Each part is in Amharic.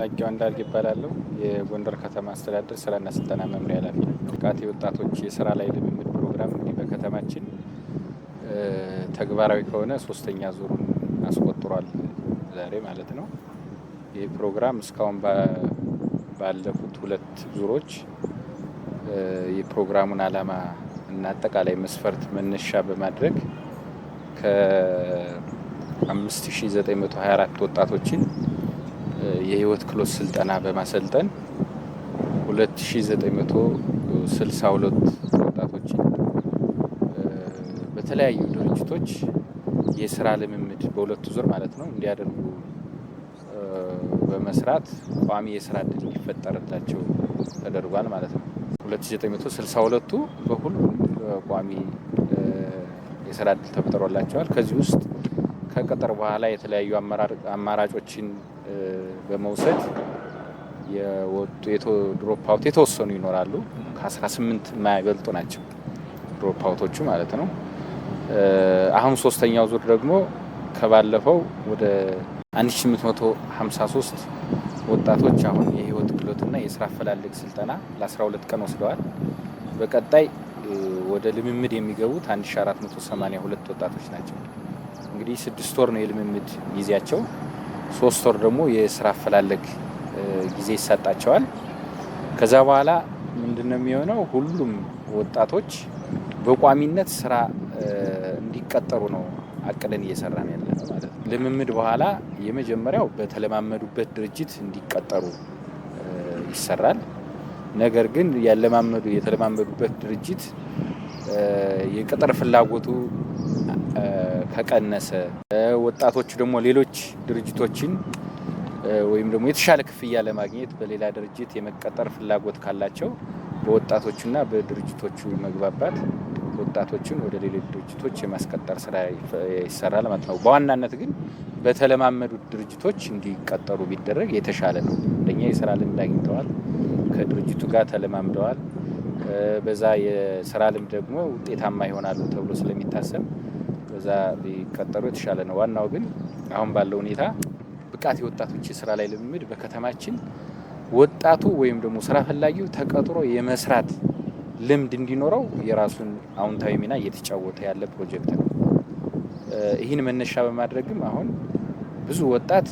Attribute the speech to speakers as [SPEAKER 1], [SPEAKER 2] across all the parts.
[SPEAKER 1] ላጊው አንዳርግ ይባላለሁ። የጎንደር ከተማ አስተዳደር ስራና ስልጠና መምሪያ ኃላፊ ነው። ብቃት የወጣቶች የስራ ላይ ልምምድ ፕሮግራም እንግዲህ በከተማችን ተግባራዊ ከሆነ ሶስተኛ ዙሩን አስቆጥሯል ዛሬ ማለት ነው። ይህ ፕሮግራም እስካሁን ባለፉት ሁለት ዙሮች የፕሮግራሙን ዓላማ እና አጠቃላይ መስፈርት መነሻ በማድረግ ከ5924 ወጣቶችን የህይወት ክሎት ስልጠና በማሰልጠን 2962 ወጣቶች በተለያዩ ድርጅቶች የስራ ልምምድ በሁለቱ ዙር ማለት ነው እንዲያደርጉ በመስራት ቋሚ የስራ እድል እንዲፈጠርላቸው ተደርጓል ማለት ነው። 2962ቱ በሁሉም ቋሚ የስራ እድል ተፈጥሮላቸዋል። ከዚህ ውስጥ ከቅጥር በኋላ የተለያዩ አማራጮችን በመውሰድ ድሮፕ አውት የተወሰኑ ይኖራሉ። ከ18 የማይበልጡ ናቸው ድሮፕ አውቶቹ ማለት ነው። አሁን ሶስተኛው ዙር ደግሞ ከባለፈው ወደ 1853 ወጣቶች አሁን የህይወት ክህሎትና የስራ አፈላልግ ስልጠና ለ12 ቀን ወስደዋል። በቀጣይ ወደ ልምምድ የሚገቡት 1482 ወጣቶች ናቸው። እንግዲህ ስድስት ወር ነው የልምምድ ጊዜያቸው። ሶስት ወር ደግሞ የስራ አፈላለግ ጊዜ ይሰጣቸዋል። ከዛ በኋላ ምንድነው የሚሆነው? ሁሉም ወጣቶች በቋሚነት ስራ እንዲቀጠሩ ነው አቅደን እየሰራ ነው ያለ ማለት ነው። ልምምድ በኋላ የመጀመሪያው በተለማመዱበት ድርጅት እንዲቀጠሩ ይሰራል። ነገር ግን ያለማመዱ የተለማመዱበት ድርጅት የቅጥር ፍላጎቱ ከቀነሰ ወጣቶቹ ደግሞ ሌሎች ድርጅቶችን ወይም ደግሞ የተሻለ ክፍያ ለማግኘት በሌላ ድርጅት የመቀጠር ፍላጎት ካላቸው በወጣቶቹና በድርጅቶቹ መግባባት ወጣቶችን ወደ ሌሎች ድርጅቶች የማስቀጠር ስራ ይሰራል ማለት ነው። በዋናነት ግን በተለማመዱት ድርጅቶች እንዲቀጠሩ ቢደረግ የተሻለ ነው። አንደኛ የስራ ልምድ አግኝተዋል፣ ከድርጅቱ ጋር ተለማምደዋል። በዛ የስራ ልምድ ደግሞ ውጤታማ ይሆናሉ ተብሎ ስለሚታሰብ እዛ ቢቀጠሩ የተሻለ ነው። ዋናው ግን አሁን ባለው ሁኔታ ብቃት የወጣቶች ስራ ላይ ልምምድ በከተማችን ወጣቱ ወይም ደግሞ ስራ ፈላጊው ተቀጥሮ የመስራት ልምድ እንዲኖረው የራሱን አውንታዊ ሚና እየተጫወተ ያለ ፕሮጀክት ነው። ይህን መነሻ በማድረግም አሁን ብዙ ወጣት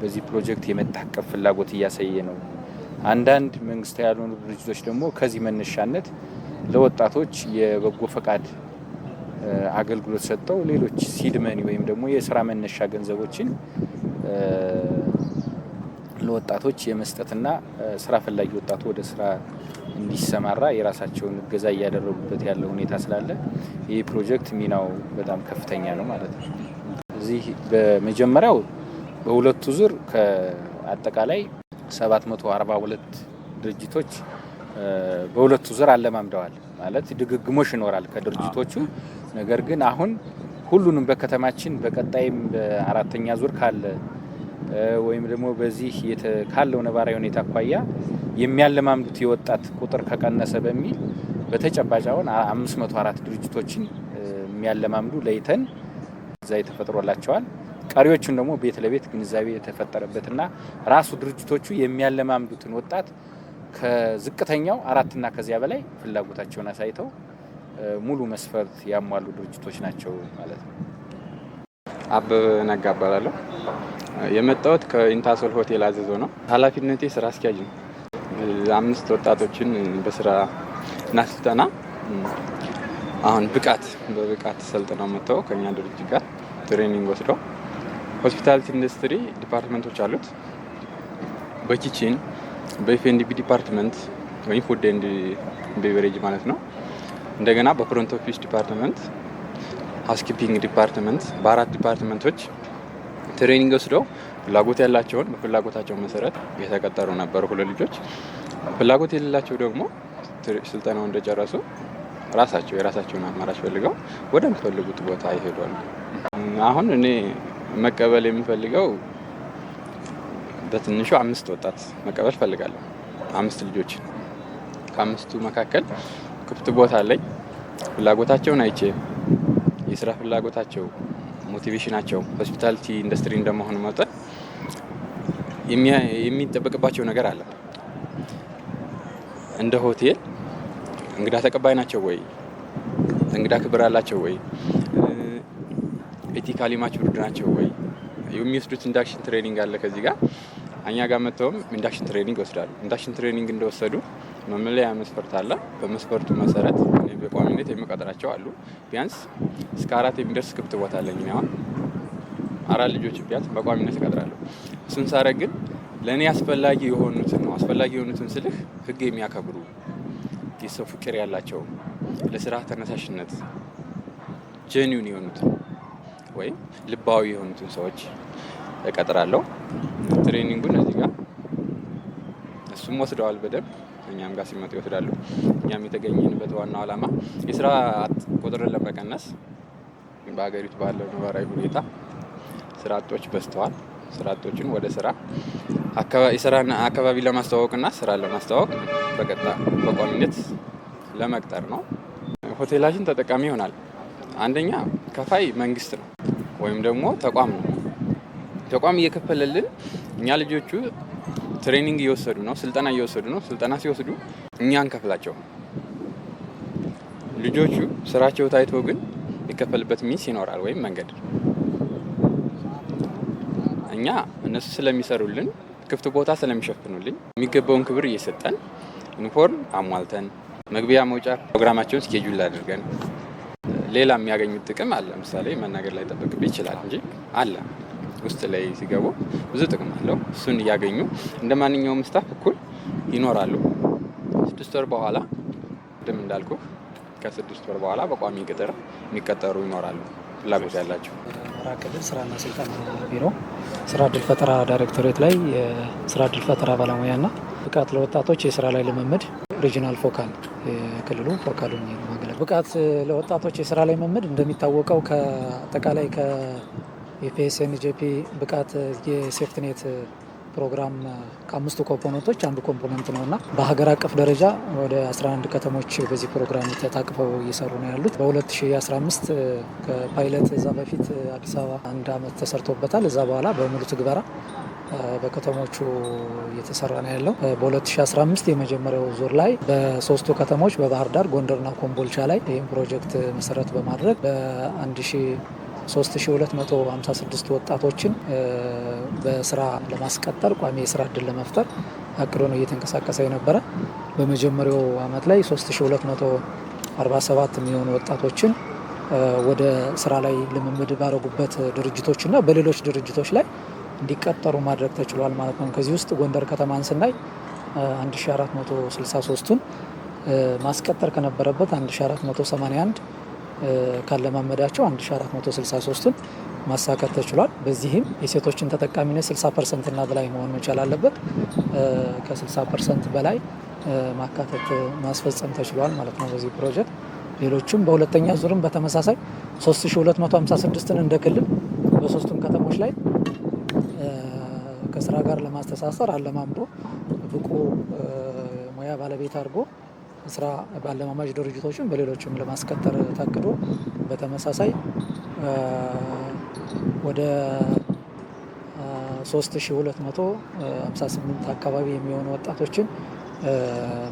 [SPEAKER 1] በዚህ ፕሮጀክት የመታቀፍ ፍላጎት እያሳየ ነው። አንዳንድ መንግስታዊ ያልሆኑ ድርጅቶች ደግሞ ከዚህ መነሻነት ለወጣቶች የበጎ ፈቃድ አገልግሎት ሰጥተው ሌሎች ሲድ ወይም ደግሞ የስራ መነሻ ገንዘቦችን ለወጣቶች የመስጠትና ስራ ፈላጊ ወጣቱ ወደ ስራ እንዲሰማራ የራሳቸውን እገዛ እያደረጉበት ያለ ሁኔታ ስላለ ይህ ፕሮጀክት ሚናው በጣም ከፍተኛ ነው ማለት ነው። እዚህ በመጀመሪያው በሁለቱ ዙር ከአጠቃላይ 742 ድርጅቶች በሁለቱ ዙር አለማምደዋል ማለት ድግግሞሽ ይኖራል ከድርጅቶቹ ነገር ግን አሁን ሁሉንም በከተማችን በቀጣይም በአራተኛ ዙር ካለ ወይም ደግሞ በዚህ ካለው ነባራዊ ሁኔታ አኳያ የሚያለማምዱት የወጣት ቁጥር ከቀነሰ በሚል በተጨባጭ አሁን 504 ድርጅቶችን የሚያለማምዱ ለይተን እዛ የተፈጥሮላቸዋል። ቀሪዎቹን ደግሞ ቤት ለቤት ግንዛቤ የተፈጠረበትና ራሱ ድርጅቶቹ የሚያለማምዱትን ወጣት ከዝቅተኛው አራትና ከዚያ በላይ ፍላጎታቸውን አሳይተው ሙሉ መስፈርት ያሟሉ ድርጅቶች ናቸው ማለት ነው። አበበ ነጋ እባላለሁ። የመጣሁት ከኢንታሶል ሆቴል አዘዞ ነው። ኃላፊነቴ ስራ አስኪያጅ ነው። አምስት ወጣቶችን በስራ እና ስልጠና አሁን ብቃት በብቃት ሰልጥነው መጥተው ከኛ ድርጅት ጋር ትሬኒንግ ወስደው ሆስፒታሊቲ ኢንዱስትሪ ዲፓርትመንቶች አሉት። በኪችን በኤፍ ዲፓርትመንት ወይም ፉድ ኤንድ ቤቨሬጅ ማለት ነው እንደገና በፍሮንት ኦፊስ ዲፓርትመንት፣ ሀውስኪፒንግ ዲፓርትመንት በአራት ዲፓርትመንቶች ትሬኒንግ ወስደው ፍላጎት ያላቸውን በፍላጎታቸው መሰረት የተቀጠሩ ነበሩ ሁለት ልጆች። ፍላጎት የሌላቸው ደግሞ ስልጠናው እንደጨረሱ ራሳቸው የራሳቸውን አማራጭ ፈልገው ወደሚፈልጉት ቦታ ይሄዷል። አሁን እኔ መቀበል የምፈልገው በትንሹ አምስት ወጣት መቀበል ፈልጋለሁ። አምስት ልጆች ከአምስቱ መካከል ክፍት ቦታ አለኝ። ፍላጎታቸውን አይቼ የስራ ፍላጎታቸው ሞቲቬሽናቸው ሆስፒታሊቲ ኢንዱስትሪ እንደመሆኑ መጠን የሚጠበቅባቸው ነገር አለ። እንደ ሆቴል እንግዳ ተቀባይ ናቸው ወይ? እንግዳ ክብር አላቸው ወይ? ኤቲካሊ ማቹርድ ናቸው ወይ? የሚወስዱት ኢንዳክሽን ትሬኒንግ አለ። ከዚህ ጋር እኛ ጋር መጥተውም ኢንዳክሽን ትሬኒንግ ይወስዳሉ። ኢንዳክሽን ትሬኒንግ እንደወሰዱ መመለያ መስፈርት አለ። በመስፈርቱ መሰረት በቋሚነት የሚቀጥራቸው አሉ። ቢያንስ እስከ አራት የሚደርስ ክፍት ቦታ አለኝ። አሁን አራት ልጆች ቢያንስ በቋሚነት እቀጥራለሁ። እሱን ሳረግ ግን ለእኔ አስፈላጊ የሆኑትን ነው። አስፈላጊ የሆኑትን ስልህ ህግ የሚያከብሩ የሰው ፍቅር ያላቸው፣ ለስራ ተነሳሽነት ጀኒውን የሆኑትን ወይም ልባዊ የሆኑትን ሰዎች እቀጥራለሁ። ትሬኒንጉን እዚህ ጋር እሱም ወስደዋል በደንብ እኛም ጋር ሲመጡ ይወስዳሉ። እኛም የተገኘንበት ዋናው ዓላማ የስራ ቁጥርን ለመቀነስ በሀገሪቱ ባለው ነባራዊ ሁኔታ ስራ አጦች በዝተዋል። ስራ አጦችን ወደ ስራ የስራን አካባቢ ለማስተዋወቅና ስራ ለማስተዋወቅ በቀጥታ በቋሚነት ለመቅጠር ነው። ሆቴላችን ተጠቃሚ ይሆናል። አንደኛ ከፋይ መንግስት ነው ወይም ደግሞ ተቋም ነው። ተቋም እየከፈለልን እኛ ልጆቹ ትሬኒንግ እየወሰዱ ነው፣ ስልጠና እየወሰዱ ነው። ስልጠና ሲወስዱ እኛ እንከፍላቸው። ልጆቹ ስራቸው ታይቶ ግን የሚከፈልበት ሚስ ይኖራል ወይም መንገድ እኛ እነሱ ስለሚሰሩልን ክፍት ቦታ ስለሚሸፍኑልኝ የሚገባውን ክብር እየሰጠን ዩኒፎርም አሟልተን መግቢያ መውጫ ፕሮግራማቸውን ስኬጁል አድርገን ሌላ የሚያገኙት ጥቅም አለ። ለምሳሌ መናገር ላይ ጠበቅብ ይችላል እንጂ አለ። ውስጥ ላይ ሲገቡ ብዙ ጥቅም አለው። እሱን እያገኙ እንደ ማንኛውም ስታፍ እኩል ይኖራሉ። ስድስት ወር በኋላ ቅድም እንዳልኩ ከስድስት ወር በኋላ በቋሚ ቅጥር የሚቀጠሩ ይኖራሉ። ፍላጎት ያላቸው
[SPEAKER 2] አማራ ክልል ስራና ስልጠና ቢሮ ስራ እድል ፈጠራ ዳይሬክቶሬት ላይ የስራ እድል ፈጠራ ባለሙያና ብቃት ለወጣቶች የስራ ላይ ልምምድ ሪጂናል ፎካል የክልሉ ፎካሉ ማገለ ብቃት ለወጣቶች የስራ ላይ ልምምድ እንደሚታወቀው ከአጠቃላይ ጄፒ ብቃት የሴፍትኔት ፕሮግራም ከአምስቱ ኮምፖነንቶች አንዱ ኮምፖነንት ነው እና በሀገር አቀፍ ደረጃ ወደ 11 ከተሞች በዚህ ፕሮግራም ተታቅፈው እየሰሩ ነው ያሉት። በ2015 ከፓይለት እዛ በፊት አዲስ አበባ አንድ ዓመት ተሰርቶበታል። እዛ በኋላ በሙሉ ትግበራ በከተሞቹ እየተሰራ ነው ያለው። በ2015 የመጀመሪያው ዙር ላይ በሶስቱ ከተሞች በባህር ዳር፣ ጎንደርና ኮምቦልቻ ላይ ይህም ፕሮጀክት መሰረት በማድረግ በ1 3256 ወጣቶችን በስራ ለማስቀጠር ቋሚ የስራ እድል ለመፍጠር አቅዶ ነው እየተንቀሳቀሰ የነበረ። በመጀመሪያው አመት ላይ 3247 የሚሆኑ ወጣቶችን ወደ ስራ ላይ ልምምድ ባደረጉበት ድርጅቶች እና በሌሎች ድርጅቶች ላይ እንዲቀጠሩ ማድረግ ተችሏል ማለት ነው። ከዚህ ውስጥ ጎንደር ከተማን ስናይ 1463ቱን ማስቀጠር ከነበረበት 1481 ካለማመዳቸው 1463ን ማሳካት ተችሏል። በዚህም የሴቶችን ተጠቃሚነት 60 ፐርሰንት እና በላይ መሆን መቻል አለበት። ከ60 ፐርሰንት በላይ ማካተት ማስፈጸም ተችሏል ማለት ነው በዚህ ፕሮጀክት። ሌሎችም በሁለተኛ ዙርም በተመሳሳይ 3256ን እንደ ክልል በሶስቱም ከተሞች ላይ ከስራ ጋር ለማስተሳሰር አለማምዶ ብቁ ሙያ ባለቤት አድርጎ ስራ በአለማማጅ ድርጅቶችም በሌሎችም ለማስቀጠር ታቅዶ በተመሳሳይ ወደ 3258 አካባቢ የሚሆኑ ወጣቶችን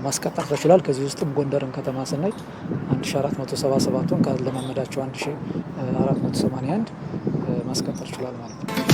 [SPEAKER 2] ማስቀጠር ተችሏል። ከዚህ ውስጥም ጎንደርን ከተማ ስናይ 1477ቱን ካለማመዳቸው 1481 ማስቀጠር ችሏል ማለት ነው።